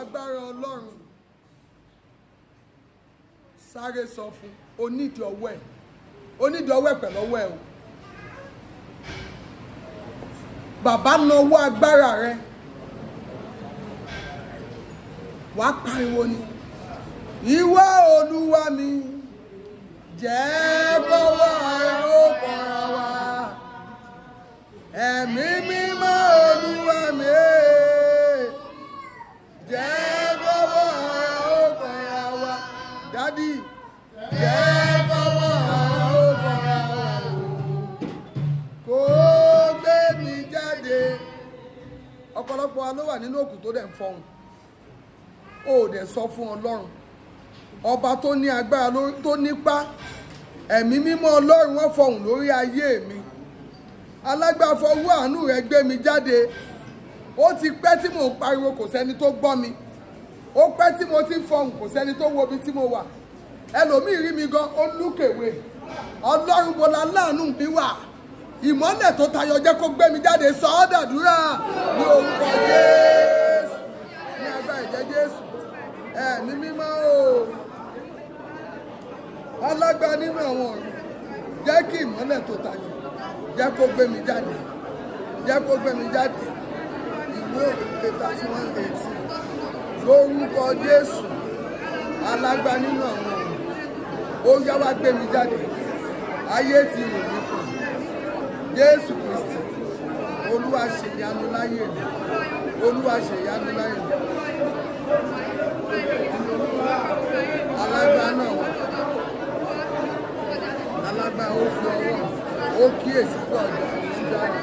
agbára ọlọ́run sáré sọ fún onídìí ọwọ́ ẹ̀ onídìí ọwọ́ ẹ̀ pẹ̀lú ọwọ́ ẹ̀ o bàbá nawọ́ agbára rẹ wàá pariwo ni ìwọ olúwa mi jẹ́ kọ́wọ́ rẹ ó kọ́ra wa ẹ̀mí mímọ́ olúwa mi. jẹ́ kọ́wọ́ wa jẹ́ gbé mi jáde Ọpọlọpọ ló wà nínú òkú tó dẹ̀ ń sọ fún ọlọ́run ọba tó ní agbára tó nípa ẹ̀mí mímọ́ ọlọ́run wọ́n fọhùn lórí ayé mi àánú rẹ̀ gbé mi jáde ó ti pẹ́ tí mò ń pariwo kò sẹ́ni tó gbọ́ mi ó pẹ́ tí mo ti ń fọhùn kò sẹ́ni tó wo ibi tí mo wà ẹlòmíì rí mi gan ó lúkèwé ọlọ́run bo la láàánú mi wà ìmọ́lẹ̀ tó tayọ jẹ́ kó gbé mi jáde sọ ọ́ dàdúrà ní orúkọ Jésù ní agbára ìjẹ́ Jésù ẹ̀ ní mímọ́ o alágbá nínú àwọn ọ̀run jẹ́ kí ìmọ́lẹ̀ tó tayọ jẹ́ kó gbé mi jáde jẹ́ kó gbé mi jáde ìwé ìdílé thirty one eighteen lórúkọ Jésù alágbá nínú àwọn ọ̀run ó yá wá gbé mi jáde ayé ti rò mí kù Jésù Kristi Olúwa ṣèyanu láyé mi Olúwa ṣèyanu láyé mi alágbá náà alágbá ó fi ọwọ́ ó kíyèsí pọ̀ ọ̀dọ̀ ìdára.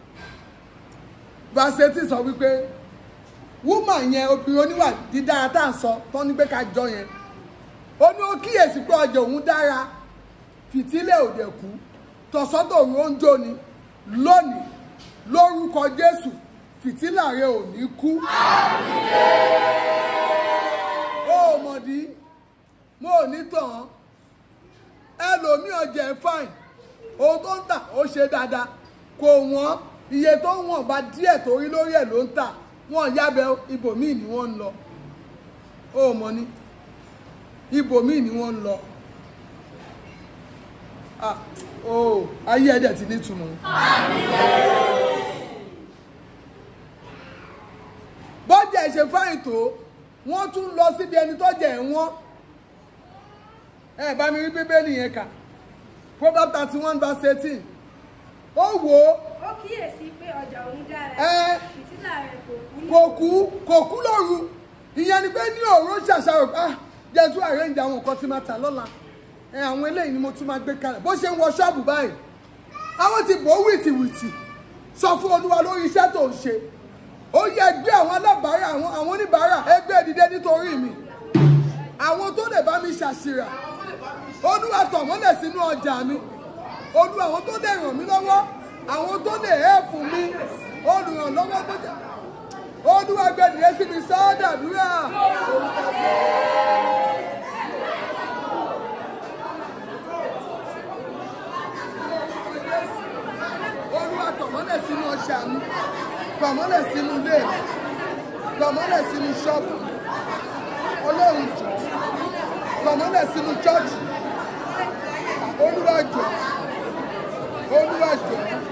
verse eighteen sọ wípé woman yẹn obìnrin oníwà dídára tá à ń sọ tán ní pé ká jọ yẹn ó ní ó kíyèsí pé ọjà òun dára fìtílẹ̀ òde kú tọ̀sọ́tò òun ó ń jó ni lónìí lórúkọ Jésù fìtílà rẹ ò ní kú. ó mọ̀dí mo ò ní tàn án ẹlòmíì ọjà ẹ̀ fáìn ohun tó ń tà ó ṣe dáadáa kò wọ́n iye tó ń wọ̀n bá díẹ̀ tó rí lórí ẹ̀ ló ń tà wọ́n yábẹ́ ibòmíì ni wọ́n ń lọ ó mọ ní ibòmíì ni wọ́n ń lọ ayé ẹ̀dẹ̀ ti nítumọ̀. bọ́jà ìṣe fáyìn tó wọ́n tún lọ síbi ẹni tọ́jà ẹ̀ wọ́n ẹ bá mi rí bíbélì yẹn kà Proverbs thirty one verse eighteen ó wò ó. ó kíyèsí pé ọjà òun dára fìtílà rẹ̀ kò kú. kò kú lóru ìyẹn ni pé ní òru ṣàṣàrò pé ah, jẹ́jú àrẹ́ǹdì àwọn nǹkan tí máa tà lọ́la àwọn eléyìí ni mo tún máa gbé kalẹ̀ bó ṣe ń wọ ṣọ́ọ̀bù báyìí àwọn ti bò ó wìtìwìtì sọ fún olúwa lórí iṣẹ́ tó ń ṣe ó yẹ gbé àwọn alábàárà àwọn àwọn oníbàárà ẹgbẹ́ e dìde nítorí mi àwọn tó lè bá mi ṣàṣìrà olúwa tọ̀ mọ́lẹ̀ sínú ọjà mi olú àwọn tó lè ràn mí lọ́wọ́ àwọn tó lè hẹ́ẹ̀pù mi olùrànlọ́wọ́ bó jẹ́ olúwa gbẹdìyẹ sí mi sọ́ọ́dàdúrà orúkọ jẹ́. tọ̀mọ́lẹ̀ sínú ọjà mi tọ̀mọ́lẹ̀ sínú ilé mi tọ̀mọ́lẹ̀ sínú ṣọ́ọ̀bù ọlọ́run jù tọ̀mọ́lẹ̀ sínú chọ́ọ̀chì olúwa jù olúwàjọ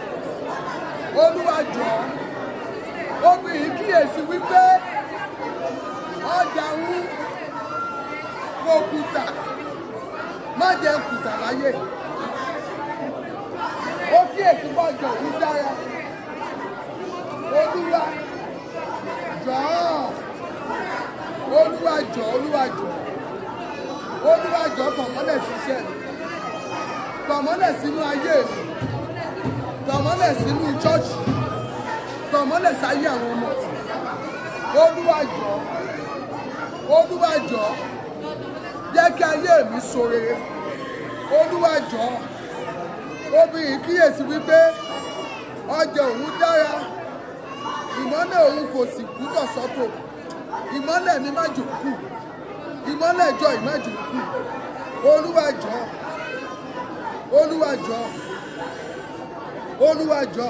olúwàjọ obìnrin kíyèsí wípé ọjà ń kó kùtà má jẹ kùtà láyé ó kíyèsí bọ́jọ̀ ń dára olúwa jọ̀ọ́ olúwa jọ̀ọ́ olúwa jọ̀ọ́ olúwa jọ̀ọ́ tọ̀mọ́lẹ̀ ṣiṣẹ́ tọ̀mọ́lẹ̀ sínú ayé mi tọ̀mọ́lẹ̀ sínú chọ́ọ̀chì tọ̀mọ́lẹ̀ sáyé àwọn ọmọ olúwàjọ́ olúwàjọ́ jẹ́ kí ayé mi so rere olúwàjọ́ obìnrin kíyèsí wípé ọjà òun dára ìmọ́lẹ̀ òun kò sì gbúdọ̀ sọ́tò ìmọ́lẹ̀ mi má jò kù ìmọ́lẹ̀ jọ ìmájò kù olúwàjọ́ olúwàjọ́ olúwàjọ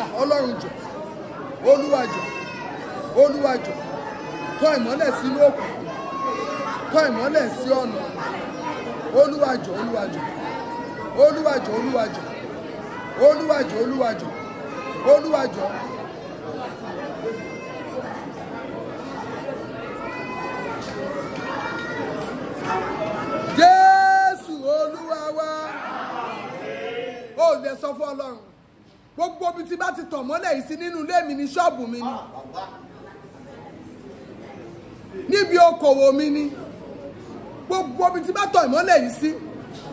ah, ọlọ́run jọ olúwàjọ olúwàjọ tọ́ ìmọ́lẹ̀ sínú òkùnkùn tọ́ ìmọ́lẹ̀ sí ọ̀nà olúwàjọ olúwàjọ olúwàjọ olúwàjọ olúwàjọ olúwàjọ olúwàjọ. ti tàn mọ́lẹ̀ yìí sí nínú ilé mi ní ṣọ́ọ̀bù mi ni ah, níbi okòwò mi ni gbogbo omi tí bá tàn ìmọ́lẹ̀ yìí sí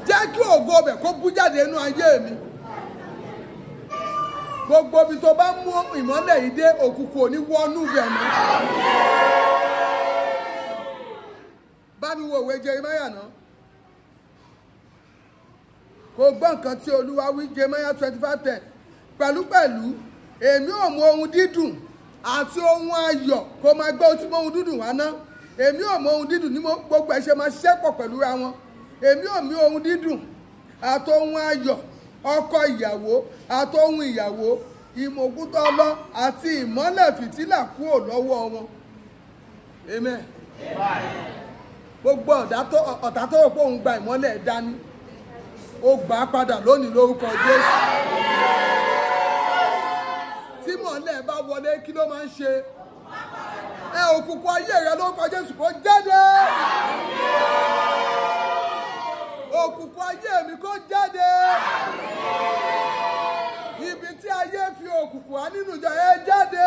jẹ́ kí ògo ọbẹ̀ kó bú jáde nínú ayé mi gbogbo ibi tó bá mú ìmọ́lẹ̀ yìí dé òkùnkùn ò ní wọnú ibẹ̀ mọ́. bá mi wo òwe Jeremáyà náà kò gbọ́ nǹkan tí Olúwa wí Jeremáyà twenty five ten pẹ̀lúpẹ̀lú èmi ò mú ohun dídùn àti ohun ayọ̀ kó máa gbé ohun tí mo ohun dídùn wá ná èmi ò mú ohun dídùn ní gbogbo ẹ̀ ṣe máa ṣiṣẹ́ pọ̀ pẹ̀lú ra wọn èmi ò mú ohun dídùn àti ohun ayọ̀ ọkọ ìyàwó àti ohun ìyàwó ìmọ̀gútọ́ ọlọ́ àti ìmọ́lẹ̀ fìtílà kúrò lọ́wọ́ wọn amen gbogbo ọ̀tá tó rò pé òun gba ìmọ́lẹ̀ dání ó gbà á padà lónìí lórúkọ Jésù mọ̀lẹ́ bá wọlé kí ló máa ń ṣe ẹ òkùnkùn ayé rẹ ló kọjá Jésù kó jáde òkùnkùn ayé mi kó jáde ibi tí ayé fi òkùnkùn á nínú ẹ jáde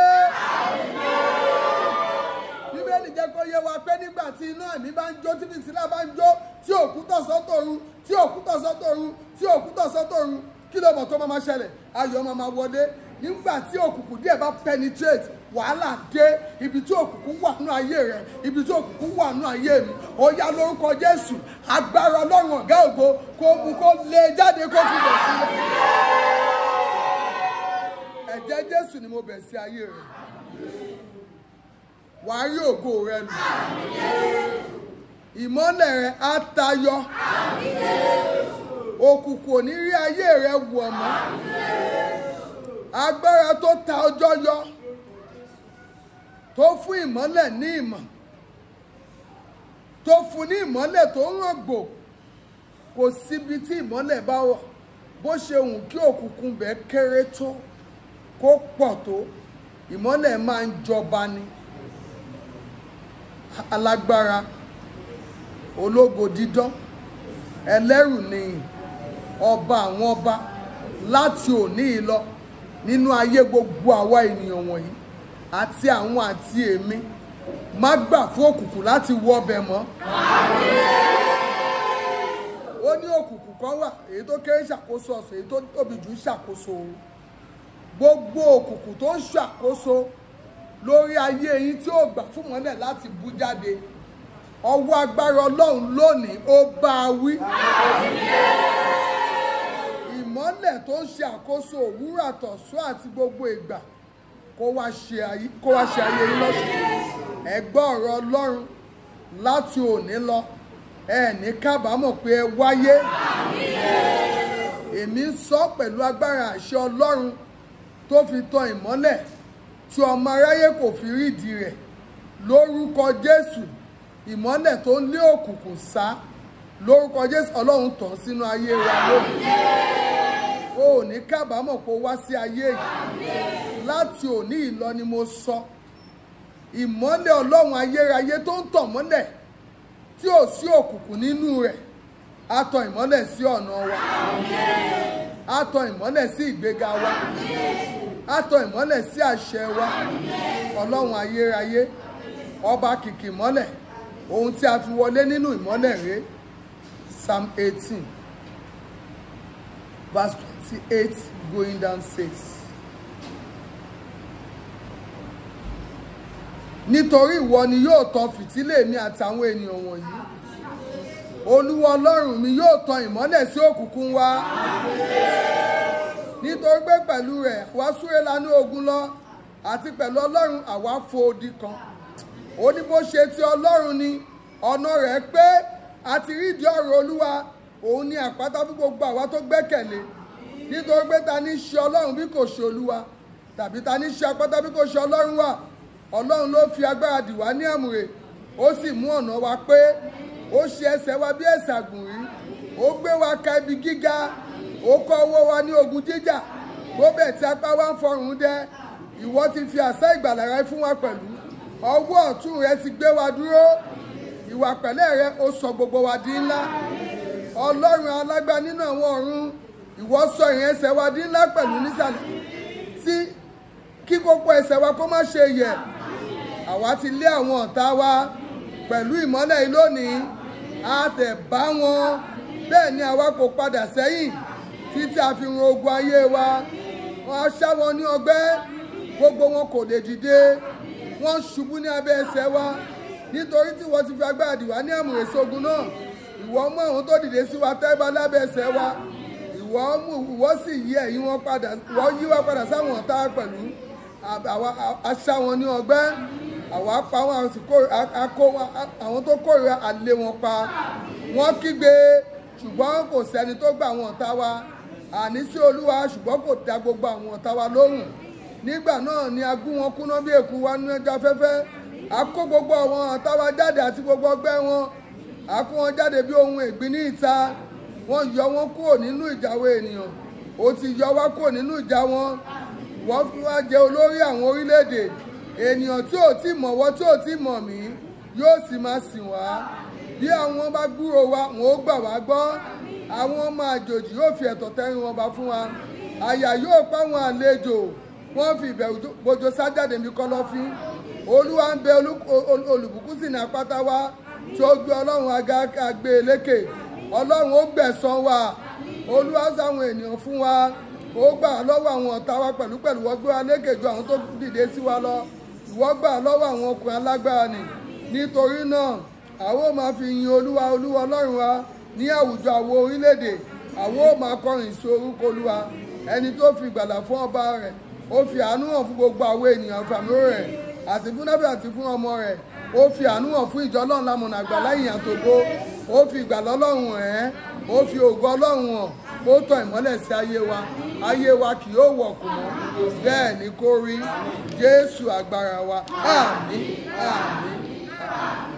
bíbélì jẹ́ kó yé wa pé nígbà tí iná ẹ̀mí bá ń jó tí fìtílà bá ń jó tí òkú tọ̀sán tòru tí òkú tọ̀sán tòru tí òkú tọ̀sán tòru kí ló mọ̀ tó máa máa ṣẹlẹ̀ ayọ̀ máa máa wọlé nígbà tí òkùnkùn díẹ̀ bá penetrate wàhálà dé ibi tí òkùnkùn wà aye ayé rẹ ibi tí òkùnkùn wà nù ayé mi ó yá lórúkọ jésù agbára ọlọ́run ọ̀gá ògo kó mú kó lé e jáde kó fi bẹ̀ sílẹ̀ ẹ̀jẹ̀ jésù ni mo bẹ̀ sí ayé rẹ wàá rí ògo rẹ lù ìmọ́lẹ̀ rẹ á tayọ òkùnkùn ò ní rí ayé rẹ agbára tó ta ọjọ́ yọ tó fún ìmọ́lẹ̀ ní ìmọ̀ tó fún ní ìmọ́lẹ̀ tó ń rọ̀gbò kò síbi tí ìmọ́lẹ̀ bá wọ̀ bó ṣe hù kí òkùnkùn bẹ́ẹ̀ kéré tó kó pọ̀ tó ìmọ́lẹ̀ máa ń jọba ni alágbára ológo dídán ẹlẹ́rù nìyí ọba àwọn ọba láti òní lọ nínú ayé gbogbo àwa ènìyàn wọ̀nyí àti àwọn àti èmi má gbà fún òkùnkùn láti wọ ọbẹ̀ mọ́. ó ní òkùnkùn kan wà èyí tó kéré ṣàkóso ọ̀sán èyí tó tóbi jù ṣàkóso ooru gbogbo òkùnkùn tó ń ṣàkóso lórí ayé yín tí ó gbà fún mọ́lẹ̀ láti bú jáde ọwọ́ agbára ọlọ́run lónìí ó bá a wí ìmọ́lẹ̀ tó ń ṣe àkóso òwúrọ̀ àtọ̀sọ́ àti gbogbo ìgbà kó wá ṣe ayé yín lọ́sùn ẹ gbọ́ ọ̀rọ̀ ọlọ́run láti òní lọ ẹ ní kábàámọ̀ pé ẹ wáyé èmi ń sọ pẹ̀lú agbára àṣẹ ọlọ́run tó fi tan ìmọ́lẹ̀ tí ọmọ aráyé kò fi rídìí rẹ̀ lórúkọ jésù ìmọ́lẹ̀ tó ń lé òkùnkùn sá lórúkọ jésù ọlọ́run tàn sínú ayé wa lónìí kábàámọ̀ kó wá sí ayé yìí láti òní ìlọ ni mo sọ ìmọ́lẹ̀ ọlọ́run ayérayé tó ń tàn mọ́lẹ̀ tí ò sí òkùnkùn nínú rẹ̀ á tan ìmọ́lẹ̀ sí ọ̀nà wa á tan ìmọ́lẹ̀ sí ìgbéga wa á tan ìmọ́lẹ̀ sí àṣẹ wa ọlọ́run ayérayé ọba kìkì mọ́lẹ̀ ohun tí a fi wọlé nínú ìmọ́lẹ̀ rèé psalm eighteen verse 28 going down 6. nítorí ìwọ ni yóò tan fìtílẹ̀ mi àtàwọn ènìyàn wọ̀nyí olúwa ọlọ́run mi yóò tan ìmọ́lẹ̀ sí òkùnkùn wa nítorí pé pẹ̀lú rẹ̀ wá súré lanú ogun lọ àti pẹ̀lú ọlọ́run àwa fo odi kan ó ní bó ṣe ti ọlọ́run ni ọ̀nà rẹ̀ pé a ti rí ìdí ọ̀rọ̀ olúwa òun ni àpáta fún gbogbo àwa tó gbẹ́kẹ̀lé nítorí pé ta ní ṣe ọlọ́run bí kò ṣe olúwa tàbí ta ní ṣe apáta bí kò ṣe ọlọ́run wa ọlọ́run ló fi agbára dì wá ní àmùrè ó sì mú ọ̀nà wa pé ó ṣe ẹsẹ̀ wa bí ẹsẹ̀ àgùnrí ó gbé wa ka ibi gíga ó kọ́ ọwọ́ wa ní ogun jíjà bó bẹ̀ tí apá wa ń fọrùn dẹ ìwọ ti fi àṣà ìgbàlà rẹ fún wa pẹ̀lú ọwọ́ ọ̀tún rẹ ti gbé wa dúró ìwà pẹ̀lẹ́ rẹ ó sọ gbogbo wa di ńlá ọlọ́run alágbá nínú àwọn ọ̀run ìwọ sọ ìyẹn ẹsẹ̀ wa dín ńlá pẹ̀lú nísàlẹ̀ sí kí kókó ẹsẹ̀ wa kó má ṣe yẹ̀ àwa ti lé àwọn ọ̀tá wa pẹ̀lú ìmọ́lẹ̀ yìí lónìí a tẹ̀ bá wọn bẹ́ẹ̀ ni àwa kò padà sẹ́yìn títí a fi run ogun ayé wa wọ́n aṣá wọn ní ọgbẹ́ gbogbo wọn kò lè dìde wọ́n ṣubú ní abẹ́ ẹsẹ̀ wa nítorí tí wọ́n ti fi agbára dì wá ní àmùrè sógun náà ìwọ mú àwọn tó dìde sí wa tẹ́ bá lábẹ́ ẹsẹ̀ wa wọ́n mú wọ́n sì yí ẹ̀yìn wọn padà wọ́n yí wọn padà sáwọn ọ̀tá pẹ̀lú àwa aṣá wọn ní ọgbẹ́ àwa pa wọn àwọn tó kórìíra àlè wọn pa wọ́n kígbe ṣùgbọ́n kò sẹ́ni tó gba àwọn ọ̀tá wa àní sí olúwa ṣùgbọ́n kò dá gbogbo àwọn ọ̀tá wa lóhùn nígbà náà ni a gún wọn kúná bí èkú wa ní ẹja afẹ́fẹ́ a kó gbogbo àwọn ọ̀tá wa jáde àti gbogbo ọgbẹ́ wọn a kó wọn jáde bí ohun ègbín ní ìta wọ́n yọ wọ́n kúrò nínú ìjàwó ènìyàn ó ti yọ wá kúrò nínú ìjà wọn wọ́n fi wá jẹ olórí àwọn orílẹ̀-èdè ènìyàn tí ò tí mọ̀ wọ́n tí ò tí mọ̀ mí yóò sì máa sìn wá bí àwọn bá gbúrò wa wọn ó gbà wá gbọ́ àwọn ọmọ àjòjì yóò fi ẹ̀tọ́ tẹ́rin wọn bá fún wa àyà yóò pa àwọn àlejò wọ́n fi ìbẹ̀rù bójó sájáde mi kọ́lọ́fín olúwa ń bẹ olùbùkún sì ní àpáta wa tí ó gbé ọlọ́run àgbé e lékè ọlọ́run ó gbẹ̀san wa olúwa sáwọn ènìyàn fún wa ó gbà lọ́wọ́ àwọn ọ̀tá wa pẹ̀lú pẹ̀lú wọ́n gbé wa lékejì àwọn tó dìde sí wa lọ ìwọ gbà lọ́wọ́ àwọn ọkùnrin alágbára nì nítorí náà àwọn ò máa fi yin olúwa olúwa ọlọ́run wa ní àwùjọ àwọ orílẹ̀-èdè àwọn ò máa kọrin sí orúkọ olúwa ẹni tó fi ìgbàlà fún ọba rẹ̀ ó fi àánú hàn fún gbogbo àwọn ènìyàn fàmúrò rẹ̀ àti fún nábì àti fún ọmọ rẹ̀ ó fi àánú hàn fún ìjọ ọlọ́run lamọ̀nà àgbàlá ìyàn tògo ó fi ìgbàlọ́ ọlọ́run ẹ̀ ó fi ògo ọlọ́run hàn ó tọ̀ ìmọ́lẹ̀ sí ayé wa ayé wa kì yóò wọ̀kù mọ́ bẹ́ẹ̀ ni kó rí jésù agbára wa àmín àmín àmín.